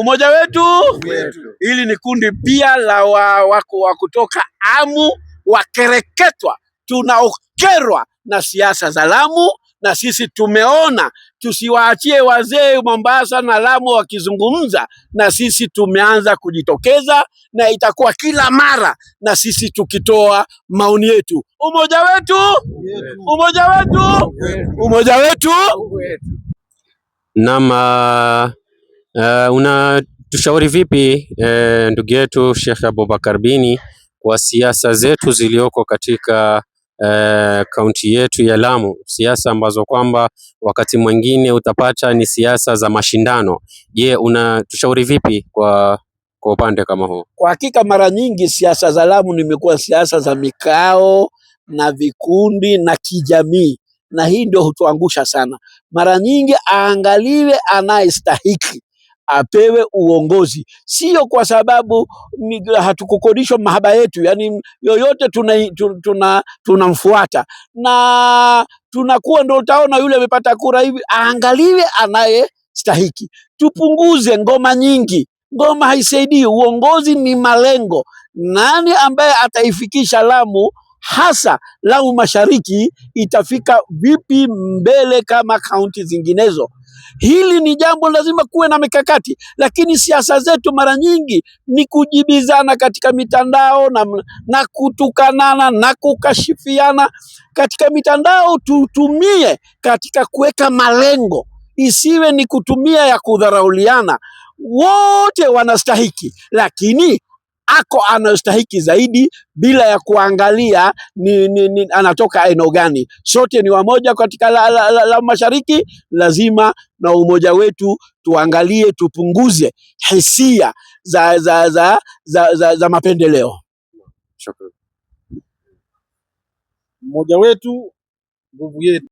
Umoja wetu, hili ni kundi pia la wa, wako wa kutoka Amu wakereketwa, tunaokerwa na siasa za Lamu, na sisi tumeona tusiwaachie wazee Mombasa na Lamu wakizungumza, na sisi tumeanza kujitokeza, na itakuwa kila mara na sisi tukitoa maoni yetu. Umoja wetu, umoja wetu, umoja wetu, umoja wetu. Nama Uh, eh, unatushauri vipi eh, ndugu yetu Sheikh Abubakar Bini kwa siasa zetu zilioko katika eh, kaunti yetu ya Lamu, siasa ambazo kwamba wakati mwingine utapata ni siasa za mashindano. Je, unatushauri vipi kwa kwa upande kama huu? Kwa hakika mara nyingi siasa za Lamu nimekuwa siasa za mikao na vikundi na kijamii, na hii ndio hutuangusha sana. Mara nyingi aangaliwe anayestahiki apewe uongozi, sio kwa sababu hatukukodishwa mahaba yetu, yani yoyote tunamfuata tuna, tuna na tunakuwa ndo utaona yule amepata kura hivi, aangaliwe anayestahiki. Tupunguze ngoma nyingi, ngoma haisaidii. Uongozi ni malengo. Nani ambaye ataifikisha Lamu hasa Lamu Mashariki itafika vipi mbele kama kaunti zinginezo? Hili ni jambo lazima kuwe na mikakati, lakini siasa zetu mara nyingi ni kujibizana katika mitandao na, na kutukanana na kukashifiana katika mitandao. Tutumie katika kuweka malengo, isiwe ni kutumia ya kudharauliana. Wote wanastahiki, lakini ako anayostahiki zaidi bila ya kuangalia ni, ni, ni, anatoka eneo gani. Sote ni wamoja katika la, la, la, la mashariki, lazima na umoja wetu tuangalie, tupunguze hisia za, za, za, za, za, za mapendeleo. Mmoja wetu nguvu yetu.